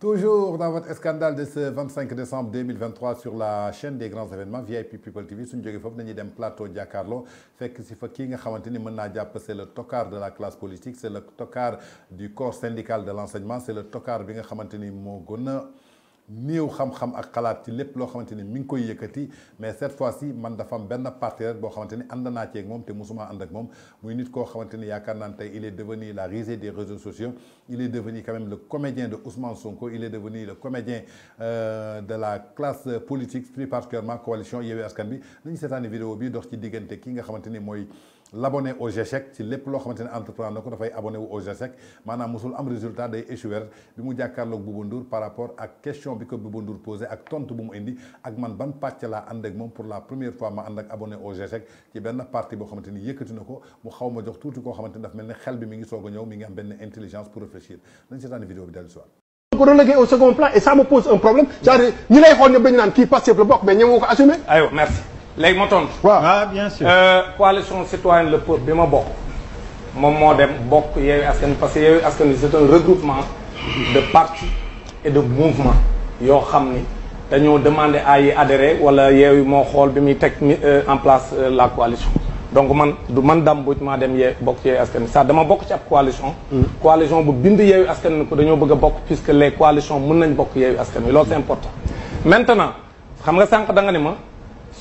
Toujours dans votre scandale de ce 25 décembre 2023 sur la chaîne des grands événements VIP People TV suñu plateau de fekk le tocard de la classe politique C'est le tocard du corps syndical de l'enseignement. C'est le tocard de la classe politique néew xam-xam ak xalaat ci lépp loo xamante ni mi ngi koy yëkkati mais cette fois-ci man dafa am benn partenaire boo xamante ni ànd naa ceeg moom te musuma ànd ak moom muy nit koo xamante ni yaakaar naan tey il est devenu la risée des réseaux sociaux il est devenu quand même le comédien de Ousmane Sonko il est devenu le comédien euh, de la classe politique plus particulièrement coalition Yewwi Askan Wi nañu seetaani vidéo bi dox ci diggante ki nga xamante ni mooy l'abonné au GIEC ci lépp loo xamante ne entreprendre na ko dafay abonné wu au GIEC maanaam mosul am résultat day échouer bi mu jàkkaarloog Bouba Ndour par rapport à question bi ko Bouba Ndour posé ak tontu bu indi ak man ban pàcc laa ànd ak moom pour la première fois ma ànd ak abonné au GIEC ci benn partie boo xamante ni yëkkati na ko mu xaw ma jox tuuti koo xamante ni daf mel ne xel bi mi ngi soog a ñëw mi ngi am benn intelligence pour réfléchir nañ seetaan vidéo bi dellu soir. Pour le relégué au second plan et ça me pose un problème c'est-à-dire ñi lay xool ñëpp dañu naan kii Pastef la bokk mais ñoom ko assumé aywa merci les ma tontu. waaw ah, bien sûr. Euh, coalition citoyenne le peuple bi ma bokk moom moo dem bokk Yewwi Askan parce que Yewwi Askan c'est un regroupement de partis et de mouvements Yo, xam ni nous demander à y adhérer wala Yewwi mon rôle bi muy teg euh, en place euh, la coalition. donc man du man Dame Mbodj maa dem yee bokk ci Yewwi Askan Wi sax dama bokk ci ab coalition mm. coalition bu bind Yewwi Askan Wi ko dañoo bëgg a bokk puisque les coalitions mën nañ bokk Yewwi Askan Wi loolu c'est important maintenant xam nga sànq da nga ni ma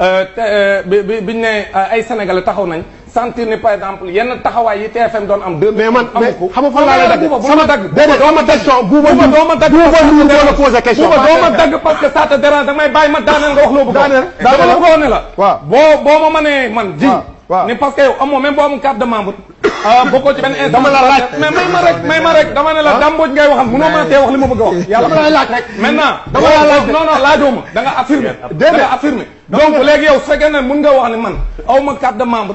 Euh, euh, bi bi biñ ne euh, ay sénégalais taxaw nañ. sentir ni par exemple yenn taxawaay yi TFM doon am. deux mais man mais xam nga fan dagg sama dagg. dagg. buuba buuba dagg parce que ça te dérange danga may bàyyi ma daaneel nga wax loo bëgg. daaneel daaneel la man. ji ni parce que yow amoo même boo amul carte Ah, bokkoo ci benn instant. dama la laaj may ma rek may ma rek dama ne la ah? damboj ngay waxal mënoo ma tee li ma bëgg a wax. yàlla dama dama la laaj non non laajoo ma da nga affirmé. da nga affirmé donc léegi yow su fekkee ne mën nga wax ne man aw ma carte de membre.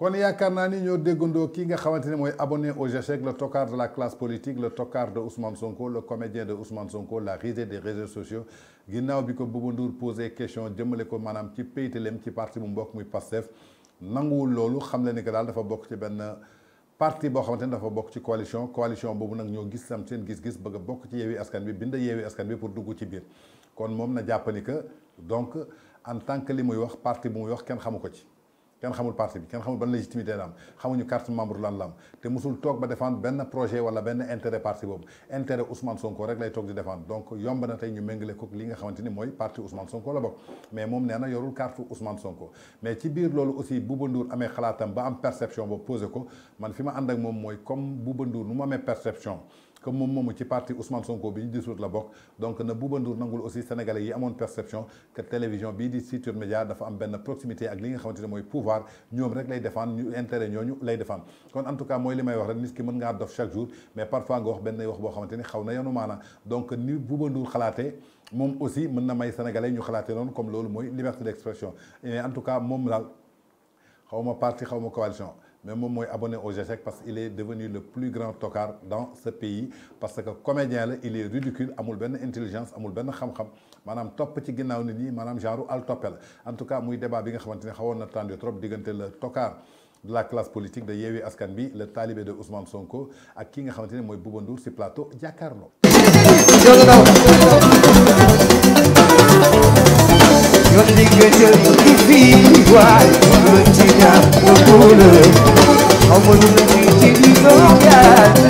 kon yaakaar naa ni ñoo déggandoo ki nga xamante ne mooy abonné au GIEC le tocard de la classe politique le tocard de Ousmane Sonko le comédien de Ousmane Sonko la risée des réseaux sociaux ginnaaw bi ko Bouba Ndour posé question jëmale ko maanaam ci paytaleem ci parti bu mbokk muy Pastef nanguwul loolu xam le ni que daal dafa bokk ci benn parti boo xamante ne dafa bokk ci coalition coalition boobu nag ñoo gis sam seen gis-gis bëgg a bokk ci yeewi askan bi bind yeewi askan bi pour dugg ci biir kon moom na jàpp ni que donc en tant que li muy wax parti bu muy wax kenn xamu ko ci kenn xamul parti bi kenn xamul ban légitimité la am xamuñu carte membre lan la am te musul toog ba défendre benn projet wala benn intérêt parti boobu intérêt Ousmane Sonko rek lay toog di défendre donc yomb na tey ñu méngale ko li nga xamante ni mooy parti Ousmane Sonko la bokk mais moom nee na yorul carte Ousmane Sonko mais ci biir loolu aussi Bouba Ndour amee xalaatam ba am perception boobu posé ko man fi ma ànd ak moom mooy comme Bouba Ndour nu mu amee perception comme moom moomu ci parti Ousmane Sonko bi ñu dissoudre la bokk donc ne Bouba Ndour aussi sénégalais yi amoon perception que télévision bii di Futurs Médias dafa am benn proximité ak li nga qui ont pouvoir nous rek lay défendre ñu intérêt ñooñu lay défendre kon en tout cas moi les may wax rek nit ki dof chaque jour mais parfois nga wax benn wax boo xamante ni xaw na yanu donc ni Bouba Ndour xalaatee moom aussi mën na may sénégalais ñu xalaatee non comme loolu mooy liberté d'expression Et en tout cas moom daal xaw ma parti xaw ma coalition mais moi suis abonné au GIEC parce qu'il est devenu le plus grand tocard dans ce pays parce que comédien il est ridicule n'a benn intelligence il n'a xam-xam maanaam Top ci nit ñi al Topel. en tout cas muy débat bi nga xamante ne trop diggante le tocard de la classe politique de Yewi Askanbi, bi le talibé de Ousmane Sonko ak ki nga xamante moy mooy Ndour plateau Yakarno. nga jël ci fii waay mën ci ñaar ba góor la xaw ma lu ma ci ci li doon yaay